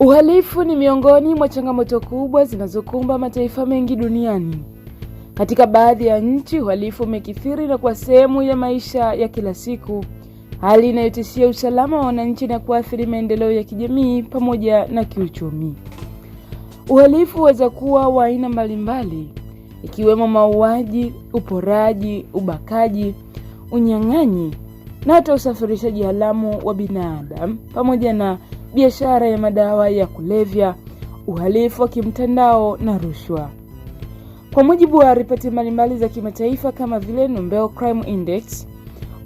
Uhalifu ni miongoni mwa changamoto kubwa zinazokumba mataifa mengi duniani. Katika baadhi ya nchi, uhalifu umekithiri na kuwa sehemu ya maisha ya kila siku, hali inayotishia usalama wa wananchi na kuathiri maendeleo ya kijamii pamoja na kiuchumi. Uhalifu huweza kuwa wa aina mbalimbali, ikiwemo mauaji, uporaji, ubakaji, unyang'anyi na hata usafirishaji haramu wa binadamu pamoja na biashara ya madawa ya kulevya, uhalifu wa kimtandao na rushwa. Kwa mujibu wa ripoti mbalimbali za kimataifa kama vile Nobel Crime Index,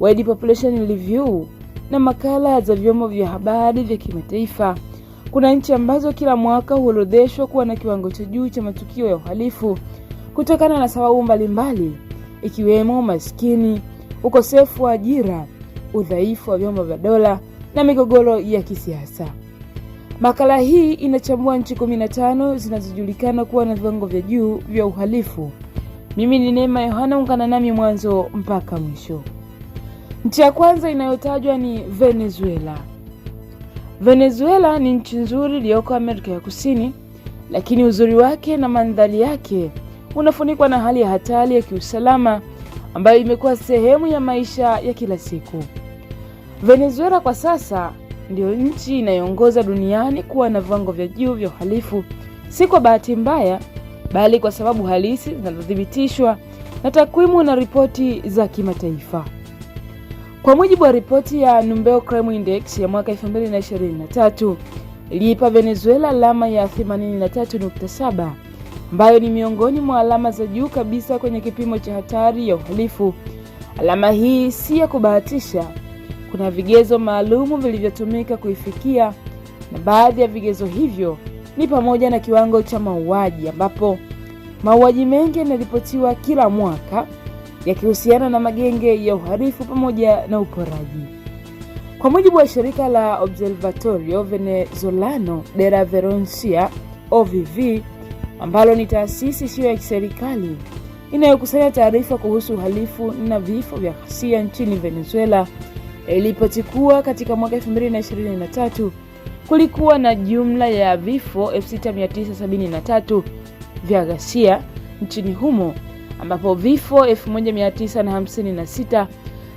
World Population Review na makala za vyombo vya habari vya kimataifa, kuna nchi ambazo kila mwaka huorodheshwa kuwa na kiwango cha juu cha matukio ya uhalifu kutokana na sababu mbalimbali ikiwemo umaskini, ukosefu wa ajira, udhaifu wa vyombo vya dola na migogoro ya kisiasa. Makala hii inachambua nchi kumi na tano zinazojulikana kuwa na viwango vya juu vya uhalifu. Mimi ni Neema Yohana, ungana nami mwanzo mpaka mwisho. Nchi ya kwanza inayotajwa ni Venezuela. Venezuela ni nchi nzuri iliyoko Amerika ya Kusini, lakini uzuri wake na mandhari yake unafunikwa na hali ya hatari ya kiusalama ambayo imekuwa sehemu ya maisha ya kila siku. Venezuela kwa sasa ndiyo nchi inayoongoza duniani kuwa na viwango vya juu vya uhalifu, si kwa bahati mbaya, bali kwa sababu halisi zinazothibitishwa na takwimu na ripoti za kimataifa. Kwa mujibu wa ripoti ya Numbeo Crime Index ya mwaka 2023 iliipa Venezuela alama ya 83.7 ambayo ni miongoni mwa alama za juu kabisa kwenye kipimo cha hatari ya uhalifu. Alama hii si ya kubahatisha, kuna vigezo maalumu vilivyotumika kuifikia, na baadhi ya vigezo hivyo ni pamoja na kiwango cha mauaji, ambapo mauaji mengi yanaripotiwa kila mwaka yakihusiana na magenge ya uhalifu pamoja na uporaji. Kwa mujibu wa shirika la Observatorio Venezolano de la Violencia OVV, ambalo ni taasisi isiyo ya kiserikali inayokusanya taarifa kuhusu uhalifu na vifo vya ghasia nchini Venezuela Ilipotikuwa katika mwaka 2023 kulikuwa na jumla ya vifo 6973 vya ghasia nchini humo ambapo vifo 1956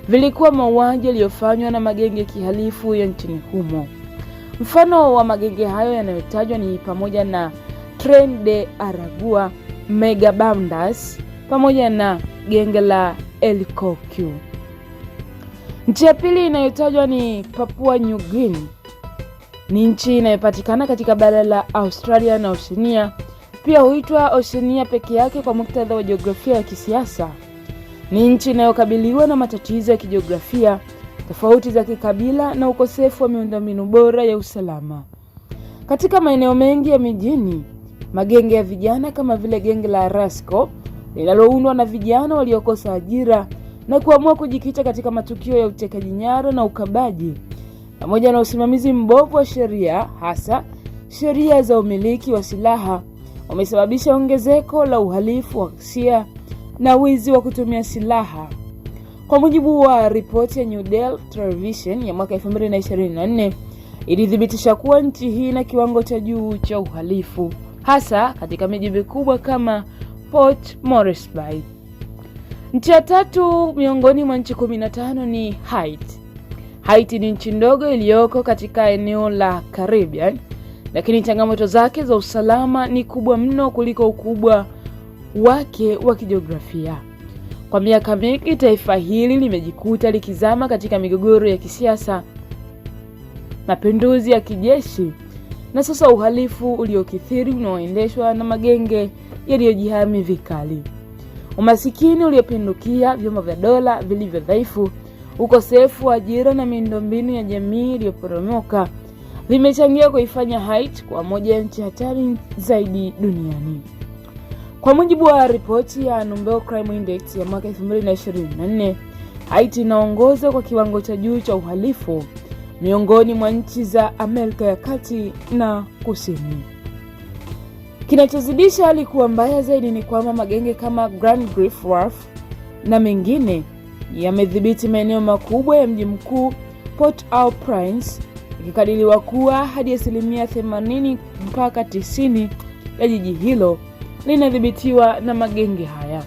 vilikuwa mauaji yaliyofanywa na magenge ya kihalifu ya nchini humo. Mfano wa magenge hayo yanayotajwa ni pamoja na Tren de Aragua, Mega Bandas pamoja na genge la El Nchi ya pili inayotajwa ni Papua New Guinea. Ni nchi inayopatikana katika bara la Australia na Oceania. Pia huitwa Oceania peke yake kwa muktadha wa jiografia ya kisiasa. Ni nchi inayokabiliwa na matatizo ya kijiografia, tofauti za kikabila na ukosefu wa miundombinu bora ya usalama. Katika maeneo mengi ya mijini, magenge ya vijana kama vile genge la Rasco linaloundwa na vijana waliokosa ajira na kuamua kujikita katika matukio ya utekaji nyara na ukabaji pamoja na usimamizi mbovu wa sheria, hasa sheria za umiliki wa silaha, wamesababisha ongezeko la uhalifu wa ghasia na wizi wa kutumia silaha. Kwa mujibu wa ripoti ya newdel Television ya mwaka 2024 ilithibitisha kuwa nchi hii na kiwango cha juu cha uhalifu hasa katika miji mikubwa kama Port Moresby. Nchi ya tatu miongoni mwa nchi 15 ni Haiti. Haiti ni nchi ndogo iliyoko katika eneo la Caribbean, lakini changamoto zake za usalama ni kubwa mno kuliko ukubwa wake wa kijiografia. Kwa miaka mingi, taifa hili limejikuta likizama katika migogoro ya kisiasa, mapinduzi ya kijeshi na sasa uhalifu uliokithiri unaoendeshwa na magenge yaliyojihami vikali umasikini uliopindukia, vyombo vya dola vilivyo dhaifu, ukosefu wa ajira na miundombinu ya jamii iliyoporomoka vimechangia kuifanya Haiti kuwa moja ya nchi hatari zaidi duniani. Kwa mujibu wa ripoti ya Numbeo Crime Index ya mwaka 2024, Haiti inaongoza kwa kiwango cha juu cha uhalifu miongoni mwa nchi za Amerika ya Kati na Kusini. Kinachozidisha hali kuwa mbaya zaidi ni kwamba magenge kama Grand Grif warf na mengine yamedhibiti maeneo makubwa ya mji mkuu Port-au-Prince, ikikadiliwa kuwa hadi asilimia 80 mpaka 90 ya jiji hilo linadhibitiwa na magenge haya.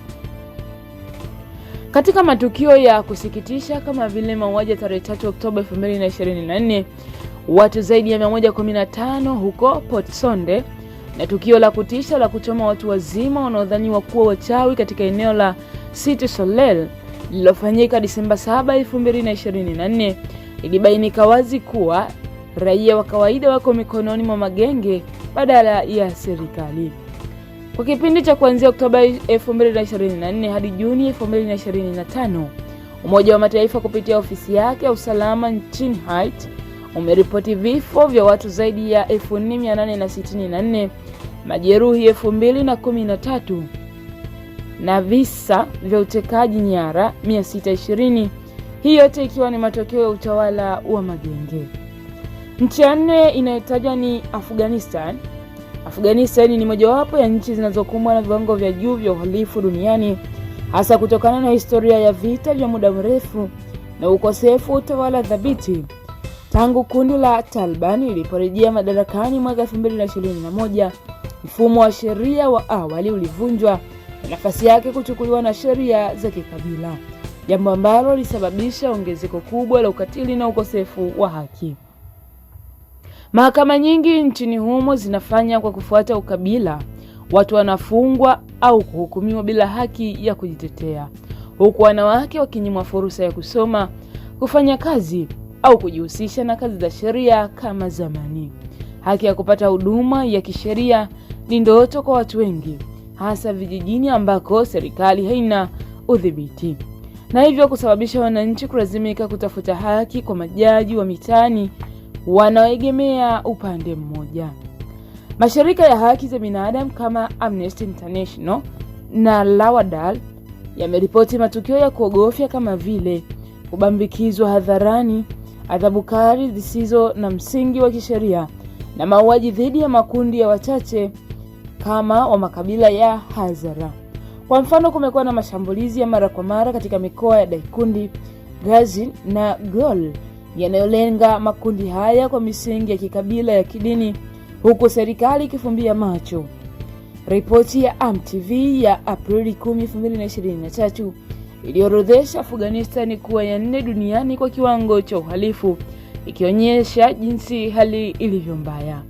Katika matukio ya kusikitisha kama vile mauaji ya tarehe 3 Oktoba 224 watu zaidi ya 115 huko Port Sonde na tukio la kutisha la kuchoma watu wazima wanaodhaniwa kuwa wachawi katika eneo la City Soleil lililofanyika Disemba 7, 2024 ilibainika wazi kuwa raia wa kawaida wako mikononi mwa magenge badala ya serikali. Kwa kipindi cha kuanzia Oktoba 2024 hadi Juni 2025, Umoja wa Mataifa kupitia ofisi yake ya usalama nchini Haiti umeripoti vifo vya watu zaidi ya 4864 majeruhi elfu mbili na kumi na tatu na visa vya utekaji nyara 620, hii yote ikiwa ni matokeo ya utawala wa magenge. Nchi ya nne inayotajwa ni Afghanistan. Afghanistan ni mojawapo ya nchi zinazokumbwa na viwango vya juu vya uhalifu duniani hasa kutokana na historia ya vita vya muda mrefu na ukosefu wa utawala thabiti. Tangu kundi la Taliban liliporejea madarakani mwaka 2021, mfumo wa sheria wa awali ulivunjwa na nafasi yake kuchukuliwa na sheria za kikabila, jambo ambalo lilisababisha ongezeko kubwa la ukatili na ukosefu wa haki. Mahakama nyingi nchini humo zinafanya kwa kufuata ukabila. Watu wanafungwa au kuhukumiwa bila haki ya kujitetea, huku wanawake wakinyimwa fursa ya kusoma, kufanya kazi au kujihusisha na kazi za sheria kama zamani. Haki ya kupata huduma ya kisheria ni ndoto kwa watu wengi, hasa vijijini ambako serikali haina udhibiti, na hivyo kusababisha wananchi kulazimika kutafuta haki kwa majaji wa mitaani wanaoegemea upande mmoja. Mashirika ya haki za binadamu kama Amnesty International na Lawadal yameripoti matukio ya kuogofya kama vile kubambikizwa hadharani adhabu kali zisizo na msingi wa kisheria na mauaji dhidi ya makundi ya wachache kama wa makabila ya Hazara. Kwa mfano, kumekuwa na mashambulizi ya mara kwa mara katika mikoa ya Daikundi, gazi na Gol yanayolenga makundi haya kwa misingi ya kikabila, ya kidini, huku serikali ikifumbia macho. Ripoti ya AMTV ya Aprili 10, 2023 iliorodhesha Afghanistan kuwa ya nne duniani kwa kiwango cha uhalifu, ikionyesha jinsi hali ilivyo mbaya.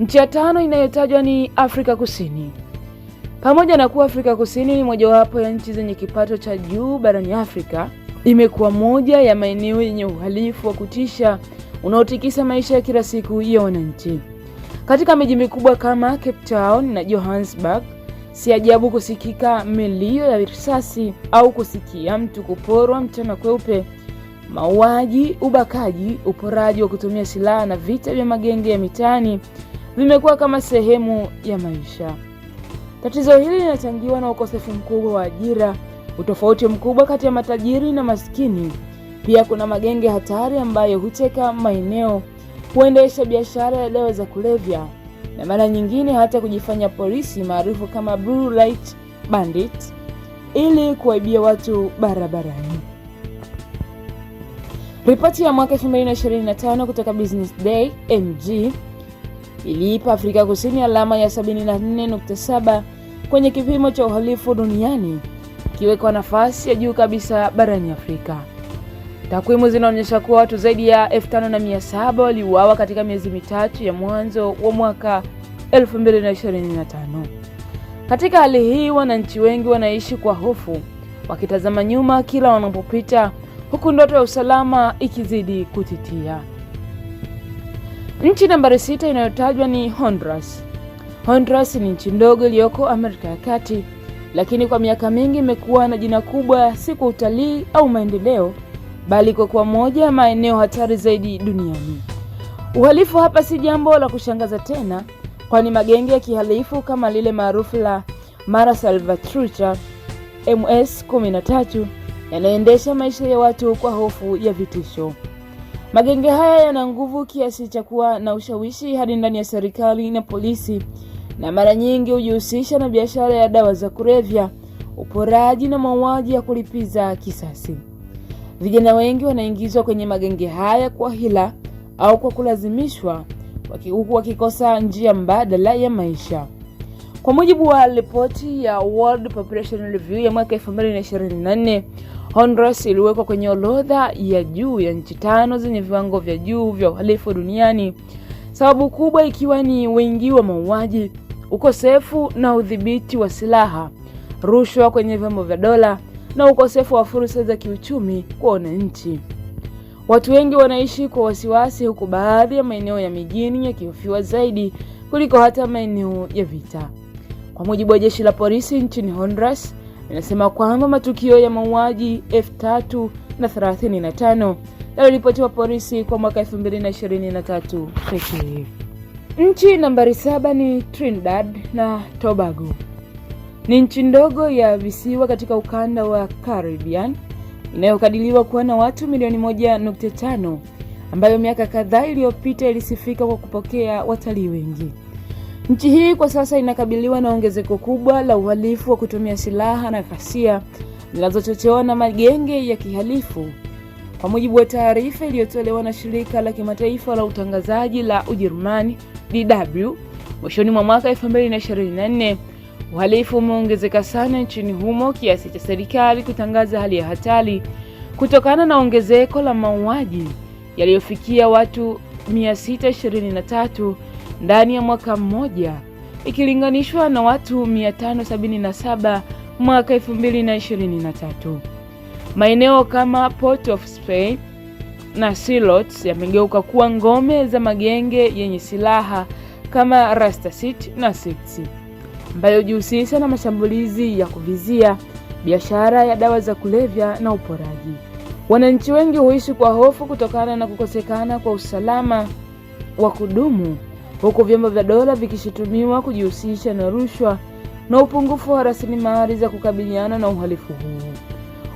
Nchi ya tano inayotajwa ni Afrika Kusini. Pamoja na kuwa Afrika Kusini ni mojawapo ya nchi zenye kipato cha juu barani Afrika, imekuwa moja ya maeneo yenye uhalifu wa kutisha unaotikisa maisha ya kila siku ya wananchi. Katika miji mikubwa kama Cape Town na Johannesburg Si ajabu kusikika milio ya risasi au kusikia mtu kuporwa mchana kweupe, mauaji, ubakaji, uporaji wa kutumia silaha na vita vya magenge ya mitaani vimekuwa kama sehemu ya maisha. Tatizo hili linachangiwa na ukosefu mkubwa wa ajira, utofauti mkubwa kati ya matajiri na maskini. Pia kuna magenge hatari ambayo huteka maeneo, huendesha biashara ya dawa za kulevya na mara nyingine hata kujifanya polisi maarufu kama Blue Light Bandit ili kuwaibia watu barabarani. Ripoti ya mwaka 2025 kutoka Business Day MG iliipa Afrika Kusini alama ya 74.7 kwenye kipimo cha uhalifu duniani ikiwekwa nafasi ya juu kabisa barani Afrika. Takwimu zinaonyesha kuwa watu zaidi ya 5700 na waliuawa katika miezi mitatu ya mwanzo wa mwaka 2025. Katika hali hii, wananchi wengi wanaishi kwa hofu, wakitazama nyuma kila wanapopita, huku ndoto ya usalama ikizidi kutitia. Nchi nambari sita inayotajwa ni Honduras. Honduras ni nchi ndogo iliyoko Amerika ya Kati, lakini kwa miaka mingi imekuwa na jina kubwa, si kwa utalii au maendeleo bali kwa kuwa moja ya maeneo hatari zaidi duniani. Uhalifu hapa si jambo la kushangaza tena, kwani magenge ya kihalifu kama lile maarufu la Mara Salvatrucha MS 13 yanaendesha maisha ya watu kwa hofu ya vitisho. Magenge haya yana nguvu kiasi cha kuwa na ushawishi hadi ndani ya serikali na polisi, na mara nyingi hujihusisha na biashara ya dawa za kulevya, uporaji na mauaji ya kulipiza kisasi. Vijana wengi wanaingizwa kwenye magenge haya kwa hila au kwa kulazimishwa, huku wakikosa njia mbadala ya maisha. Kwa mujibu wa ripoti ya World Population Review ya mwaka 2024, Honduras iliwekwa kwenye orodha ya juu ya nchi tano zenye viwango vya juu vya uhalifu duniani, sababu kubwa ikiwa ni wingi wa mauaji, ukosefu na udhibiti wa silaha, rushwa kwenye vyombo vya dola na ukosefu wa fursa za kiuchumi kwa wananchi. Watu wengi wanaishi kwa wasiwasi, huku baadhi ya maeneo ya mijini yakihofiwa zaidi kuliko hata maeneo ya vita. Kwa mujibu wa jeshi la polisi nchini Honduras, inasema kwamba matukio ya mauaji elfu na 35 yaliripotiwa polisi kwa mwaka 2023 pekee. Nchi nambari saba ni Trinidad na Tobago. Ni nchi ndogo ya visiwa katika ukanda wa Caribbean inayokadiriwa kuwa na watu milioni 1.5 ambayo miaka kadhaa iliyopita ilisifika kwa kupokea watalii wengi. Nchi hii kwa sasa inakabiliwa na ongezeko kubwa la uhalifu wa kutumia silaha na ghasia zinazochochewa na magenge ya kihalifu, kwa mujibu wa taarifa iliyotolewa na shirika la kimataifa la utangazaji la Ujerumani DW mwishoni mwa mwaka 2024. Uhalifu umeongezeka sana nchini humo kiasi cha serikali kutangaza hali ya hatari kutokana na ongezeko la mauaji yaliyofikia watu 623 ndani ya mwaka mmoja ikilinganishwa na watu 577 mwaka 2023. Maeneo kama Port of Spain na Silots yamegeuka kuwa ngome za magenge yenye silaha kama Rasta City na Sixty ambayo hujihusisha na mashambulizi ya kuvizia, biashara ya dawa za kulevya na uporaji. Wananchi wengi huishi kwa hofu kutokana na kukosekana kwa usalama wa kudumu, huku vyombo vya dola vikishutumiwa kujihusisha na rushwa na upungufu wa rasilimali za kukabiliana na uhalifu huu.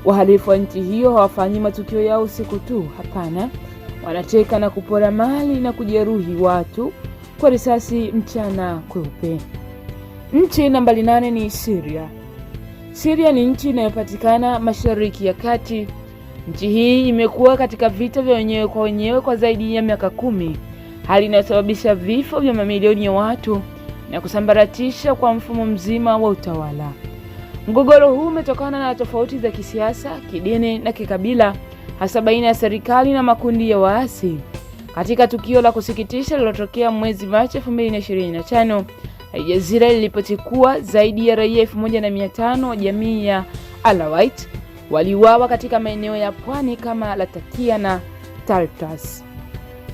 Wahalifu wa nchi hiyo hawafanyi matukio yao usiku tu, hapana. Wanateka na kupora mali na kujeruhi watu kwa risasi mchana kweupe. Nchi nambari nane ni Syria. Syria ni nchi inayopatikana Mashariki ya Kati. Nchi hii imekuwa katika vita vya wenyewe kwa wenyewe kwa zaidi ya miaka kumi, hali inayosababisha vifo vya mamilioni ya watu na kusambaratisha kwa mfumo mzima wa utawala. Mgogoro huu umetokana na tofauti za kisiasa, kidini na kikabila, hasa baina ya serikali na makundi ya waasi. Katika tukio la kusikitisha lililotokea mwezi Machi 2025 Aljazira lilipoti kuwa zaidi ya raia elfu moja na mia tano wa jamii ya Alawite waliuawa katika maeneo ya pwani kama Latakia na tartas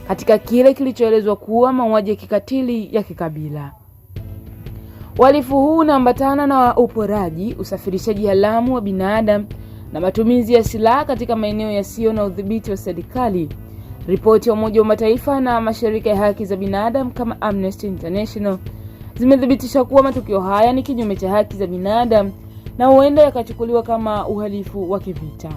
katika kile kilichoelezwa kuwa mauaji ya kikatili ya kikabila. Uhalifu huu unaambatana na uporaji, usafirishaji haramu wa binadamu na matumizi ya silaha katika maeneo yasiyo na udhibiti wa serikali. Ripoti ya Umoja wa Mataifa na mashirika ya haki za binadamu kama Amnesty International zimethibitisha kuwa matukio haya ni kinyume cha haki za binadamu na huenda yakachukuliwa kama uhalifu wa kivita.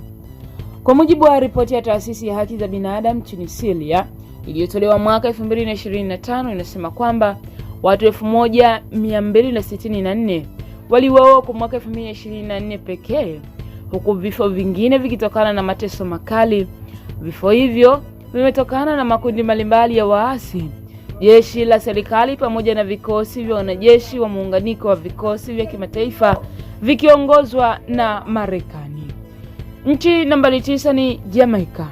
Kwa mujibu wa ripoti ya taasisi ya haki za binadamu nchini Syria iliyotolewa mwaka 2025 inasema kwamba watu 1264 waliuawa kwa mwaka 2024 pekee, huku vifo vingine vikitokana na mateso makali. Vifo hivyo vimetokana na makundi mbalimbali ya waasi Jeshi la serikali pamoja na vikosi vya wanajeshi wa muunganiko wa vikosi vya kimataifa vikiongozwa na Marekani. Nchi nambari tisa ni Jamaika.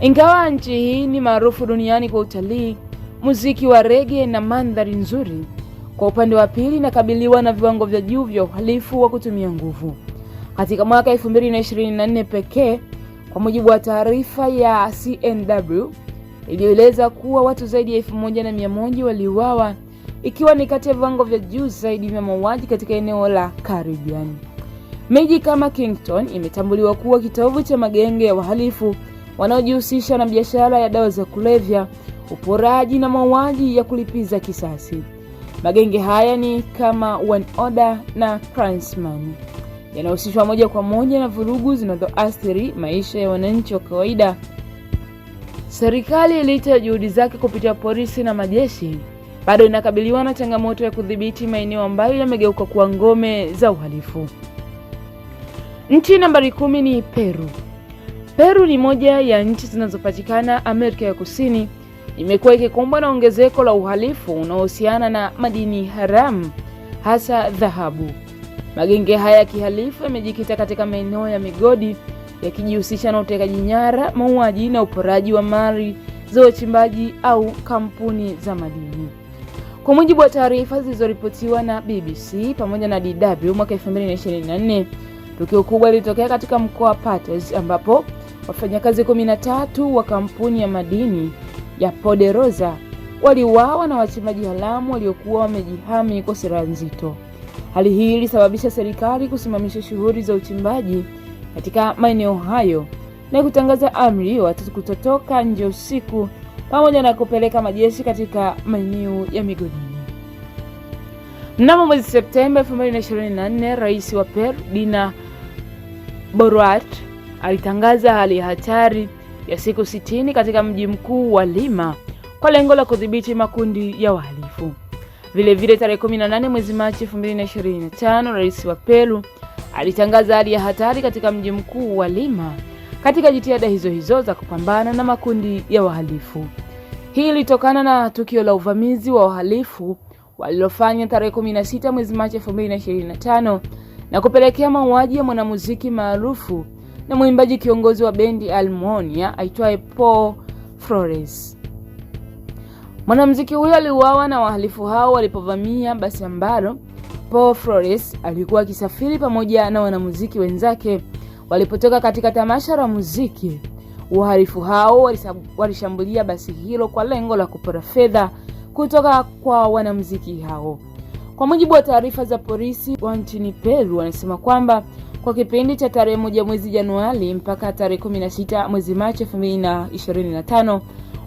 Ingawa nchi hii ni maarufu duniani kwa utalii, muziki wa rege na mandhari nzuri, kwa upande wa pili inakabiliwa na viwango vya juu vya uhalifu wa kutumia nguvu. Katika mwaka 2024 pekee, kwa mujibu wa taarifa ya CNW iliyoeleza kuwa watu zaidi ya elfu moja na mia moja waliuawa ikiwa ni kati ya viwango vya juu zaidi vya mauaji katika eneo la Caribbean. Miji kama Kingston imetambuliwa kuwa kitovu cha magenge ya wahalifu wanaojihusisha na biashara ya dawa za kulevya, uporaji na mauaji ya kulipiza kisasi. Magenge haya ni kama One Order na Klansman yanahusishwa moja kwa moja na vurugu zinazoathiri maisha ya wananchi wa kawaida Serikali licha ya juhudi zake kupitia polisi na majeshi, bado inakabiliwa na changamoto ya kudhibiti maeneo ambayo yamegeuka kuwa ngome za uhalifu. Nchi nambari kumi ni Peru. Peru ni moja ya nchi zinazopatikana Amerika ya Kusini, imekuwa ikikumbwa na ongezeko la uhalifu unaohusiana na madini haramu, hasa dhahabu. Magenge haya ya kihalifu yamejikita katika maeneo ya migodi yakijihusisha na utekaji nyara, mauaji na uporaji wa mali za wachimbaji au kampuni za madini. Kwa mujibu wa taarifa zilizoripotiwa na BBC pamoja na DW mwaka 2024, tukio kubwa lilitokea katika mkoa wa Paters ambapo wafanyakazi 13 wa kampuni ya madini ya Poderosa waliuawa na wachimbaji haramu waliokuwa wamejihami kwa silaha nzito. Hali hii ilisababisha serikali kusimamisha shughuli za uchimbaji katika maeneo hayo na kutangaza amri watu kutotoka nje usiku pamoja na kupeleka majeshi katika maeneo ya migodini. Mnamo mwezi Septemba 2024, Rais wa Peru Dina Boluarte alitangaza hali ya hatari ya siku sitini katika mji mkuu wa Lima kwa lengo la kudhibiti makundi ya wahalifu. Vilevile, tarehe 18 mwezi Machi 2025, Rais wa Peru alitangaza hali ya hatari katika mji mkuu wa Lima katika jitihada hizo hizo za kupambana na makundi ya wahalifu. Hii ilitokana na tukio la uvamizi wa wahalifu walilofanya tarehe 16 mwezi Machi 2025 na kupelekea mauaji ya mwanamuziki maarufu na mwimbaji kiongozi wa bendi Almonia aitwaye Paul Flores. Mwanamuziki huyo aliuawa na wahalifu hao walipovamia basi ambalo Paul Flores alikuwa akisafiri pamoja na wanamuziki wenzake walipotoka katika tamasha la muziki. Wahalifu hao walishambulia basi hilo kwa lengo la kupora fedha kutoka kwa wanamuziki hao. Kwa mujibu wa taarifa za polisi wa nchini Peru, wanasema kwamba kwa kipindi cha tarehe moja mwezi Januari mpaka tarehe 16 mwezi Machi 2025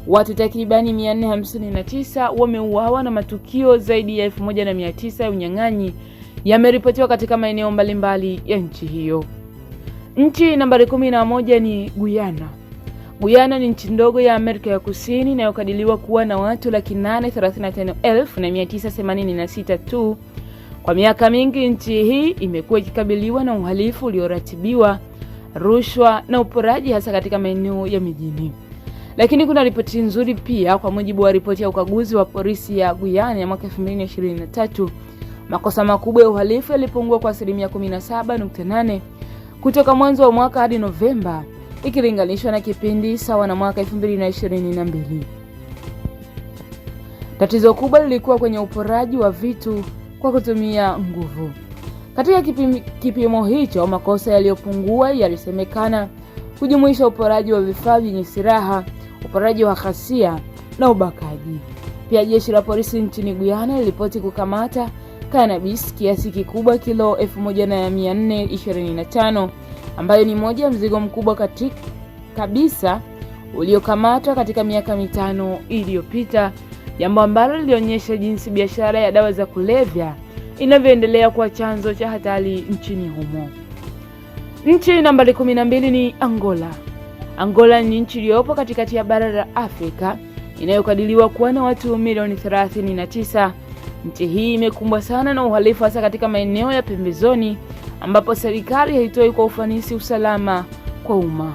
Watu takribani 459 wameuawa na matukio zaidi ya 1900 ya unyang'anyi yameripotiwa katika maeneo mbalimbali ya nchi hiyo. Nchi nambari 11 ni Guyana. Guyana ni nchi ndogo ya Amerika ya Kusini inayokadiriwa kuwa na watu laki nane na tano na mia tisa sita tu. Kwa miaka mingi nchi hii imekuwa ikikabiliwa na uhalifu ulioratibiwa, rushwa na uporaji hasa katika maeneo ya mijini. Lakini kuna ripoti nzuri pia. Kwa mujibu wa ripoti ya ukaguzi wa polisi ya Guyana ya mwaka 2023, makosa makubwa ya uhalifu yalipungua kwa asilimia 17.8 kutoka mwanzo wa mwaka hadi Novemba ikilinganishwa na kipindi sawa na mwaka 2022. Tatizo kubwa lilikuwa kwenye uporaji wa vitu kwa kutumia nguvu. Katika kipimo hicho, makosa yaliyopungua yalisemekana kujumuisha uporaji wa vifaa vyenye silaha uporaji wa ghasia na ubakaji. Pia jeshi la polisi nchini Guyana lilipoti kukamata cannabis kiasi kikubwa kilo 1425 ambayo ni moja ya mzigo mkubwa katika kabisa uliokamatwa katika miaka mitano iliyopita, jambo ambalo lilionyesha jinsi biashara ya dawa za kulevya inavyoendelea kuwa chanzo cha hatari nchini humo. Nchi nambari 12 ni Angola. Angola ni nchi iliyopo katikati ya bara la Afrika inayokadiriwa kuwa na watu milioni 39. Nchi hii imekumbwa sana na uhalifu hasa katika maeneo ya pembezoni ambapo serikali haitoi kwa ufanisi usalama kwa umma.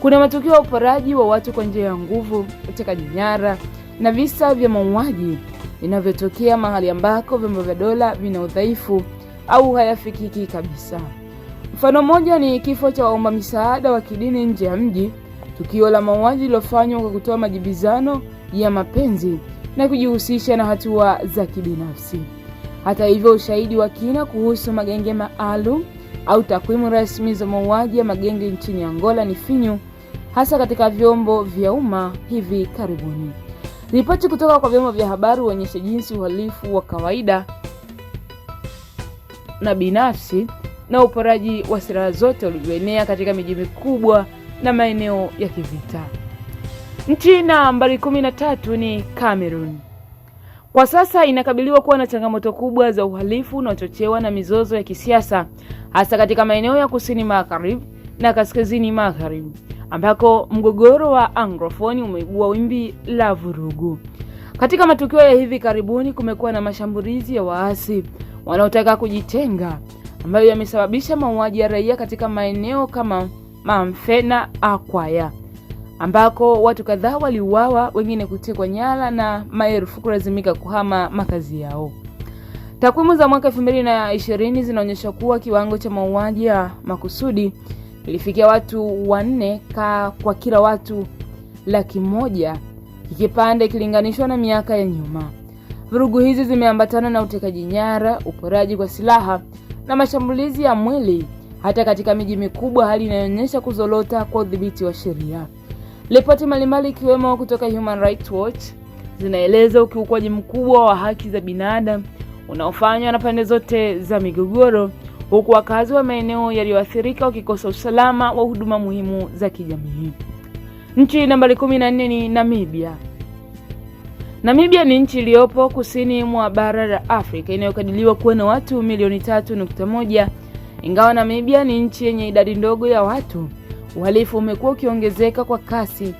Kuna matukio ya uporaji wa watu kwa njia ya nguvu, utekaji nyara na visa vya mauaji vinavyotokea mahali ambako vyombo vya dola vina udhaifu au hayafikiki kabisa. Mfano moja ni kifo cha waomba misaada wa kidini nje ya mji, tukio la mauaji lilofanywa kwa kutoa majibizano ya mapenzi na kujihusisha na hatua za kibinafsi. Hata hivyo, ushahidi wa kina kuhusu magenge maalum au takwimu rasmi za mauaji ya magenge nchini Angola ni finyu, hasa katika vyombo vya umma hivi karibuni. Ripoti kutoka kwa vyombo vya habari huonyesha jinsi uhalifu wa kawaida na binafsi na uporaji wa silaha zote ulivyoenea katika miji mikubwa na maeneo ya kivita. Nchi nambari kumi na tatu ni Cameroon. Kwa sasa inakabiliwa kuwa na changamoto kubwa za uhalifu unaochochewa na mizozo ya kisiasa hasa katika maeneo ya kusini magharibi na kaskazini magharibi ambako mgogoro wa Anglophone umeibua wimbi la vurugu. Katika matukio ya hivi karibuni, kumekuwa na mashambulizi ya waasi wanaotaka kujitenga ambayo yamesababisha mauaji ya raia katika maeneo kama Mamfe na Akwaya ambako watu kadhaa waliuawa, wengine kutekwa nyara na maelfu kulazimika kuhama makazi yao. Takwimu za mwaka 2020 zinaonyesha kuwa kiwango cha mauaji ya makusudi kilifikia watu wanne ka kwa kila watu laki moja kikipanda ikilinganishwa na miaka ya nyuma. Vurugu hizi zimeambatana na utekaji nyara, uporaji kwa silaha na mashambulizi ya mwili hata katika miji mikubwa, hali inayoonyesha kuzorota kwa udhibiti wa sheria. Ripoti mbalimbali ikiwemo kutoka Human Rights Watch zinaeleza ukiukwaji mkubwa wa haki za binadamu unaofanywa na pande zote za migogoro, huku wakazi wa maeneo yaliyoathirika wakikosa usalama wa huduma muhimu za kijamii. Nchi nambari 14 ni Namibia. Namibia ni nchi iliyopo kusini mwa bara la Afrika inayokadiriwa kuwa na watu milioni 31 Ingawa Namibia ni nchi yenye idadi ndogo ya watu, uhalifu umekuwa ukiongezeka kwa kasi,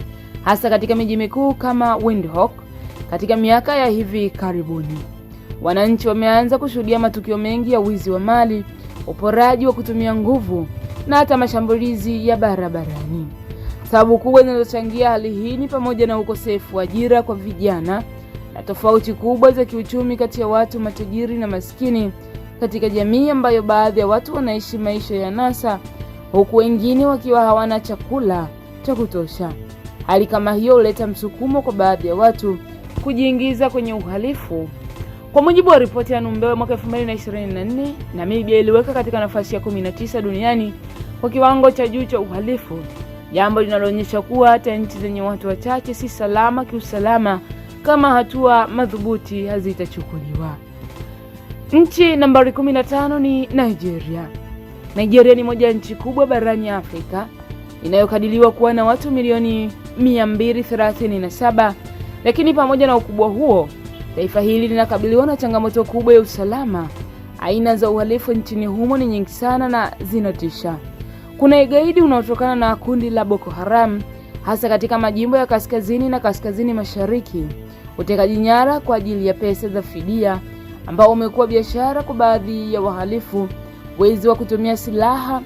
hasa katika miji mikuu kama Windhoek. Katika miaka ya hivi karibuni, wananchi wameanza kushuhudia matukio mengi ya wizi wa mali, uporaji wa kutumia nguvu na hata mashambulizi ya barabarani. Sababu kubwa zinazochangia hali hii ni pamoja na ukosefu wa ajira kwa vijana na tofauti kubwa za kiuchumi kati ya watu matajiri na maskini katika jamii ambayo baadhi ya watu wanaishi maisha ya nasa huku wengine wakiwa hawana chakula cha kutosha. Hali kama hiyo huleta msukumo kwa baadhi ya watu kujiingiza kwenye uhalifu. Kwa mujibu wa ripoti ya Numbewe mwaka 2024, Namibia iliweka katika nafasi ya 19 duniani kwa kiwango cha juu cha uhalifu jambo linaloonyesha kuwa hata nchi zenye watu wachache si salama kiusalama kama hatua madhubuti hazitachukuliwa. Nchi nambari 15 ni Nigeria. Nigeria ni moja ya nchi kubwa barani Afrika inayokadiliwa kuwa na watu milioni 237, lakini pamoja na ukubwa huo, taifa hili linakabiliwa na changamoto kubwa ya usalama. Aina za uhalifu nchini humo ni nyingi sana na zinatisha. Kuna ugaidi unaotokana na kundi la Boko Haram hasa katika majimbo ya kaskazini na kaskazini mashariki, utekaji nyara kwa ajili ya pesa za fidia ambao umekuwa biashara kwa baadhi ya wahalifu, wezi wa kutumia silaha,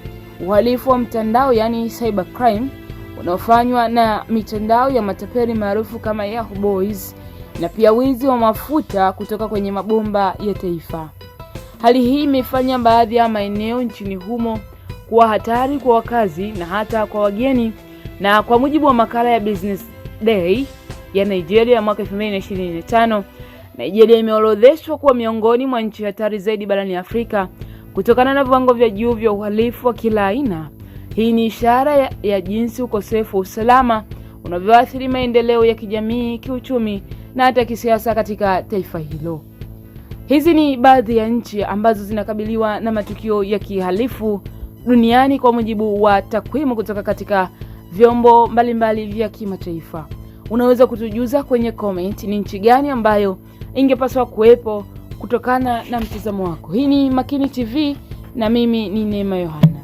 uhalifu wa mtandao yaani cyber crime unaofanywa na mitandao ya matapeli maarufu kama Yahoo Boys na pia wizi wa mafuta kutoka kwenye mabomba ya taifa. Hali hii imefanya baadhi ya maeneo nchini humo kuwa hatari kwa wakazi na hata kwa wageni. Na kwa mujibu wa makala ya Business Day ya Nigeria mwaka 2025, Nigeria imeorodheshwa kuwa miongoni mwa nchi hatari zaidi barani Afrika kutokana na viwango vya juu vya uhalifu wa kila aina. Hii ni ishara ya, ya jinsi ukosefu wa usalama unavyoathiri maendeleo ya kijamii, kiuchumi na hata kisiasa katika taifa hilo. Hizi ni baadhi ya nchi ambazo zinakabiliwa na matukio ya kihalifu duniani kwa mujibu wa takwimu kutoka katika vyombo mbalimbali vya kimataifa. Unaweza kutujuza kwenye comment ni nchi gani ambayo ingepaswa kuwepo kutokana na mtizamo wako. Hii ni Makini TV na mimi ni Neema Yohana.